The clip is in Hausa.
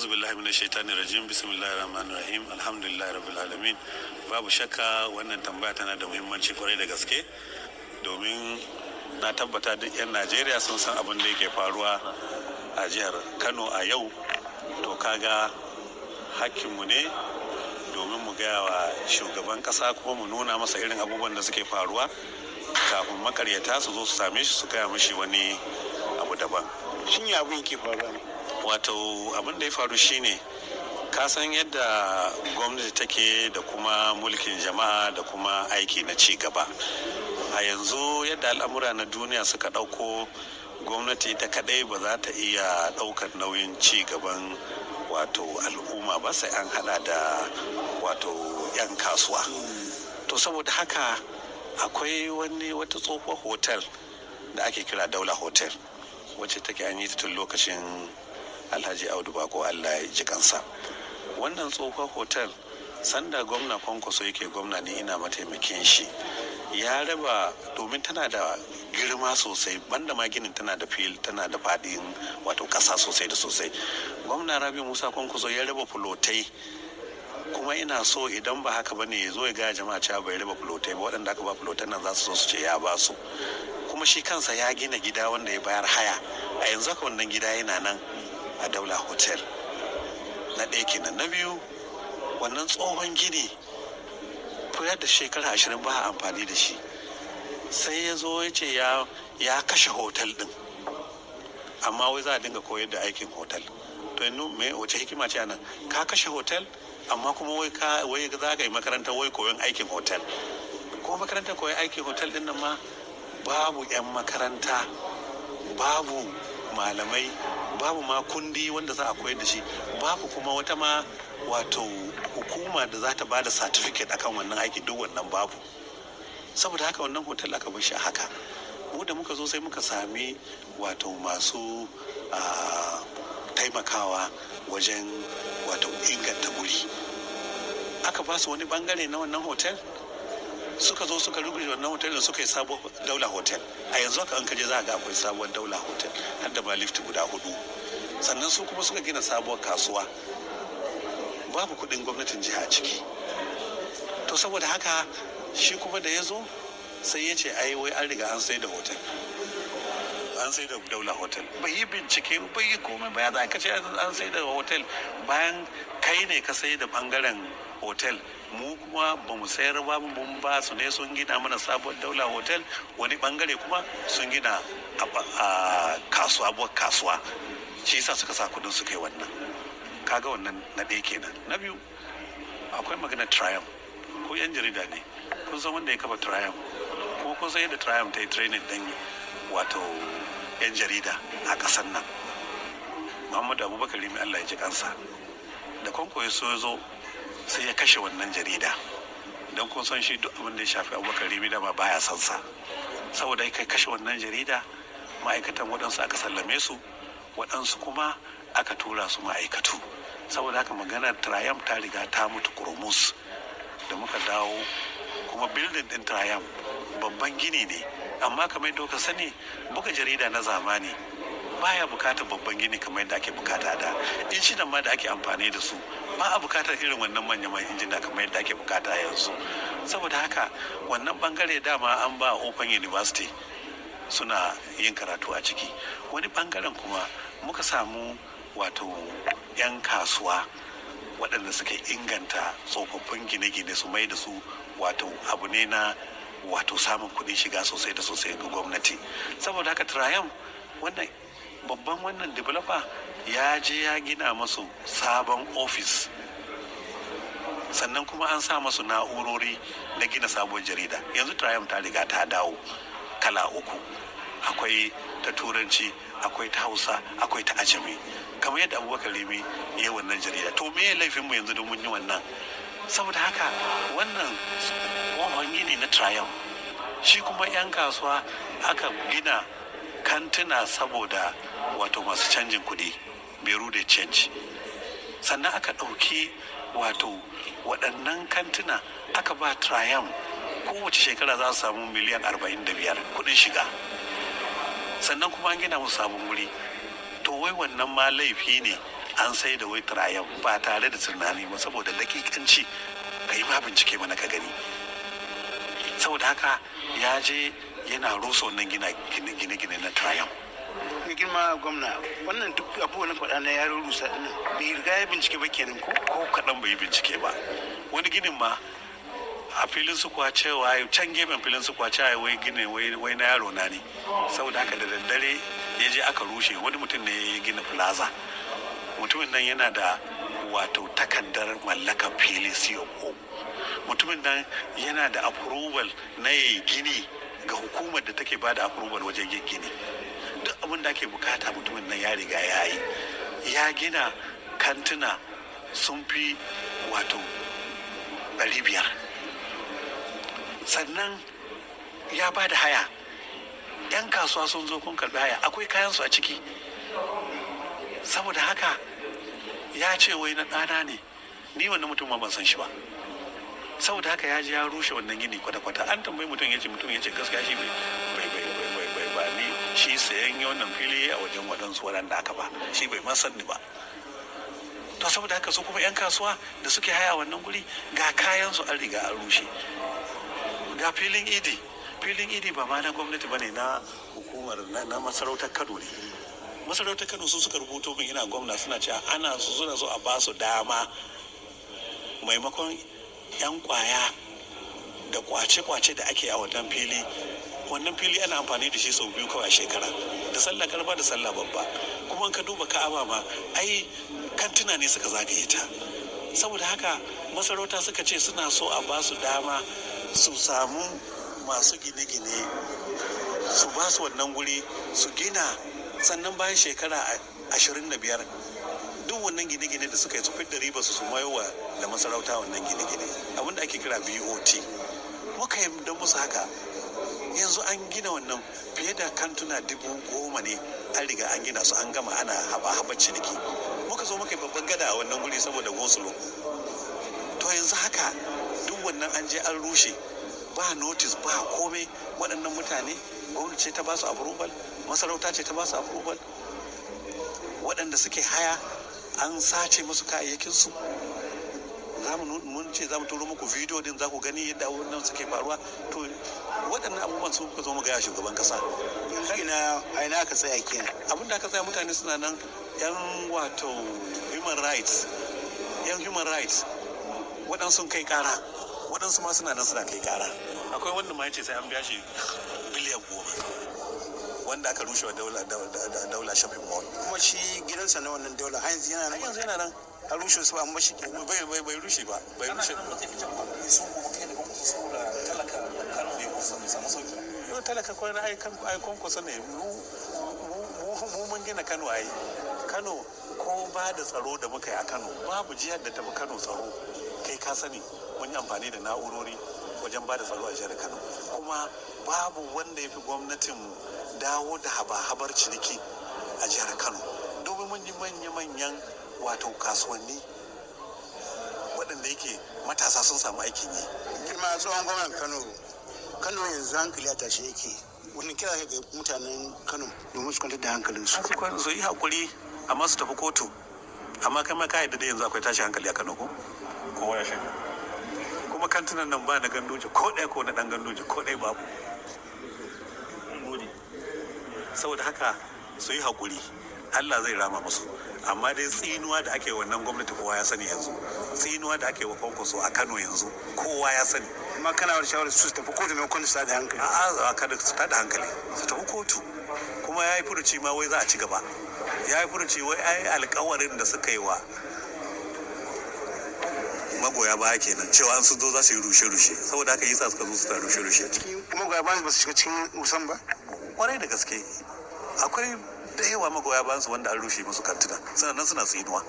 a'udhu billahi minash shaitani rajim bismillahir rahmanir rahim alhamdulillahi rabbil alamin babu shakka wannan tambaya tana da muhimmanci kwarai da gaske domin na tabbata duk 'yan najeriya sun san abin da yake faruwa a jihar kano a yau to kaga hakkinmu ne domin mu gaya wa shugaban kasa kuma mu nuna masa irin abubuwan da suke faruwa kafin makaryata su zo su same shi su gaya mashi wani abu daban shin ya abin ke faruwa wato abin da ya faru shine kasan yadda gwamnati take da kuma mulkin jama'a da kuma aiki na ci gaba a yanzu yadda al'amura na duniya suka ɗauko gwamnati ta kadai ba za ta iya ɗaukar nauyin ci gaban wato al'umma ba sai an hada da wato 'yan kasuwa to saboda haka akwai wani wata tsohuwar hotel da ake kira daula hotel wacce take an yi tun lokacin alhaji audu bako allah ya ji kansa wannan tsohon hotel sanda gwamna kwankwaso yake gwamna ne ina mataimakin shi ya raba domin tana da girma sosai banda ma ginin tana da fil tana da fadin wato kasa sosai da sosai gwamna rabi musa kwankwaso ya raba fulotai kuma ina so idan ba haka bane ya zo ya gaya jama'a cewa bai raba fulotai ba waɗanda aka ba fulotai nan za su so su ce ya ba su kuma shi kansa ya gina gida wanda ya bayar haya a yanzu haka wannan gida yana nan a daula hotel na ɗaya kenan na biyu wannan tsohon gini fiye da shekara ashirin ba amfani da shi sai ya zo ya ce ya kashe hotel din amma wai za a dinga koyar da aikin hotel to yanzu me wace hikima ce anan ka kashe hotel amma kuma wai ka wai za ka yi makaranta wai koyon aikin hotel ko makaranta koyon aikin hotel din nan ma babu yan makaranta babu malamai babu ma kundi wanda za a koyar da shi babu kuma wata ma wato hukuma da za ta ba da certificate akan wannan aiki duk wannan babu saboda haka wannan hotel aka bar shi haka mu da muka zo sai muka sami wato masu ah, taimakawa wajen wato inganta guri aka ba su wani bangare na wannan hotel suka zo suka rubuce wannan hotel da suka yi sabon daula hotel a yanzu haka an kaje za ga akwai sabon daula hotel har da ma lift guda hudu sannan su kuma suka gina sabuwar kasuwa babu kudin gwamnatin jiha ciki to saboda haka shi kuma da ya zo sai ya ce ai wai an riga an sai da hotel an sai da daula hotel bai yi bincike bai yi komai bai za ka ce an sai da hotel bayan kai ne ka sai da bangaren hotel mu kuma ba mu sayar ba mu ba su ne sun gina mana sabuwar daula hotel wani bangare kuma sun gina a kasuwa kasuwa shi sa suka sa kudin suka yi wannan kaga wannan na ɗaya kenan na biyu akwai magana triumph ko yan jarida ne kun san wanda ya kafa trium ko kun san yadda triumph ta yi training din wato yan jarida a ƙasar nan muhammadu abubakar rimi allah ya ji kansa da kwankwayo so ya zo sai ya kashe wannan jarida don kun san shi duk abin da ya shafi abubakar ribi da ba baya son sa saboda kai kashe wannan jarida ma'aikatan waɗansu aka sallame su waɗansu kuma aka tura su ma'aikatu saboda haka maganar trayam ta riga ta mutu kurmus da muka dawo kuma bildin ɗin trayam babban gini ne amma kamar yadda sani buga jarida na zamani baya bukatar babban gini kamar yadda ake bukata da injinan ma da ake amfani da su ba a bukatar irin wannan manyan injina kamar yadda ake bukata yanzu saboda haka wannan bangare dama an ba open university suna yin karatu a ciki wani bangaren kuma muka samu wato 'yan kasuwa waɗanda suka inganta tsofaffin gine-gine su mai da su wato abu ne na wato samun kuɗin shiga sosai da sosai ga gwamnati saboda haka triumph wannan babban wannan developer ya je ya gina masu sabon ofis sannan kuma an sa masu na'urori na gina sabon jarida yanzu triumph ta riga ta dawo kala uku akwai ta turanci akwai ta hausa akwai ta ajami kamar yadda abubakar limi ya yi wannan jarida to me laifinmu mu yanzu mun yi wannan saboda haka wannan wani ne na triumph shi kuma 'yan kasuwa aka gina kantuna saboda wato masu canjin kuɗi beru da change sannan aka ɗauki wato waɗannan kantuna aka ba triam kowace shekara za su samu miliyan 45 kuɗin shiga sannan kuma an gina musu sabon wuri to wai wannan ma laifi ne an sai da wai triam ba tare da tunani ba saboda dakikanci ka yi ma bincike mana ka gani saboda haka ya je yana rusa wannan gina gine-gine na triumph mai girma gwamna wannan duk abubuwan faɗa na yaro rusa nan bai riga ya bincike ba kenan ko ko kaɗan bai bincike ba wani ginin ma a filin su kwa cewa can gefen filin su kwa cewa wai gine wai na yaro na ne saboda haka da daddare ya je aka rushe wani mutum ne ya gina plaza mutumin nan yana da wato takardar mallaka filin siyo mutumin nan yana da approval na yayi gini ga hukumar da take bada approval wajen gini duk abin da ake bukata mutumin nan ya riga ya yi ya gina kantuna sun fi wato biyar sannan ya ba da haya 'yan kasuwa sun zo kun karbi haya akwai kayansu a ciki saboda haka ya ce wai na ɗana ne ni wani mutum ma ban san shi ba saboda haka ya je ya rushe wannan gini kwata-kwata an tambayi mutum ya ce mutum ya ce gaskiya shi bai bai ba ni shi sayan wannan fili a wajen waɗansu waɗanda aka ba shi bai ma sanni ba to saboda haka su kuma 'yan kasuwa da suke haya wannan guri ga kayan su an riga an rushe ga filin idi filin idi ba ma na gwamnati ba ne na hukumar na masarautar kano ne masarautar kano su suka rubuto min ina gwamna suna cewa ana su suna so a ba su dama maimakon 'yan kwaya da kwace-kwace da ake a wannan fili wannan fili ana amfani da shi sau biyu kawai shekara da sallah karba da sallah babba kuma ka duba ka'aba ma ai kantuna ne suka zagaye ta saboda haka masarauta suka ce suna so a ba su dama su samu masu gine-gine su ba su wannan guri su gina sannan bayan shekara ashirin da biyar wannan gine-gine da suka yi su fidda riba su mayowa da masarauta wannan gine-gine abin da ake kira bot muka yi don musu haka yanzu an gina wannan fiye da kantuna dubu goma ne an riga an gina su an gama ana haba-haba ciniki muka zo muka yi babban gada a wannan guri saboda gosulo to yanzu haka duk wannan an je an rushe ba notice ba komai waɗannan mutane gwamnati ce ta ba su approval masarauta ce ta ba su approval waɗanda suke haya an sace musu kayayyakinsu za mu mun ce za mu turo muku bidiyo din za ku gani yadda wannan suke faruwa to waɗannan abubuwan su kuka zo mu gaya shugaban kasa ina a ina aka tsaya kenan abin da aka tsaya mutane suna nan yan wato human rights yan human rights waɗansu kai ƙara waɗansu ma suna nan suna kai ƙara akwai wanda ma ya ce sai an biya shi wanda aka rushe wa daula daula shopping mall kuma shi gidansa na wannan daula har yanzu yana nan yanzu yana nan a rushe su ba amma shi bai bai rushe ba bai rushe ba sun gobe kai da kuma su da talaka kan bai kusa mu samu sauki yau talaka ko na aikan aikon kusa ne mu mun gina Kano ai Kano ko ba da tsaro da muka yi a Kano babu jihar da ta fi Kano tsaro kai ka sani mun yi amfani da na'urori wajen ba da tsaro a jihar Kano kuma babu wanda ya fi gwamnatinmu dawo da haba-habar ciniki a jihar kano domin mun yi manya-manyan wato kasuwanni waɗanda yake matasa sun samu aikin yi girma tsohon gwamnan kano kano yanzu hankali a tashi yake wani kira ga mutanen kano domin su kwantar da hankalinsu su yi hakuri amma su tafi kotu amma kai ma ka da yanzu akwai tashi hankali a Kano ko kowa ya shiga kuma kantunan nan ba na gandoji ko ɗaya ko na ɗan gandoji ko ɗaya babu saboda haka su yi haƙuri allah zai rama musu amma dai tsinuwa da ake wannan gwamnati kowa ya sani yanzu tsinuwa da ake wa kwankwaso a kano yanzu kowa ya sani amma kana wani shawarar su tafi kotu mai kwanci su da hankali a kada su tada hankali su tafi kotu kuma ya yi furuci ma wai za a ci gaba ya yi furuci wai ai alkawarin da suka yi wa magoya baya kenan cewa an sun zo za su yi rushe-rushe saboda haka yi sa suka zo su ta rushe-rushe magoya baya ba su shiga cikin musamman ba kwarai da gaske akwai da yawa magoya su wanda an rushe musu kantuna sannan suna tsinuwa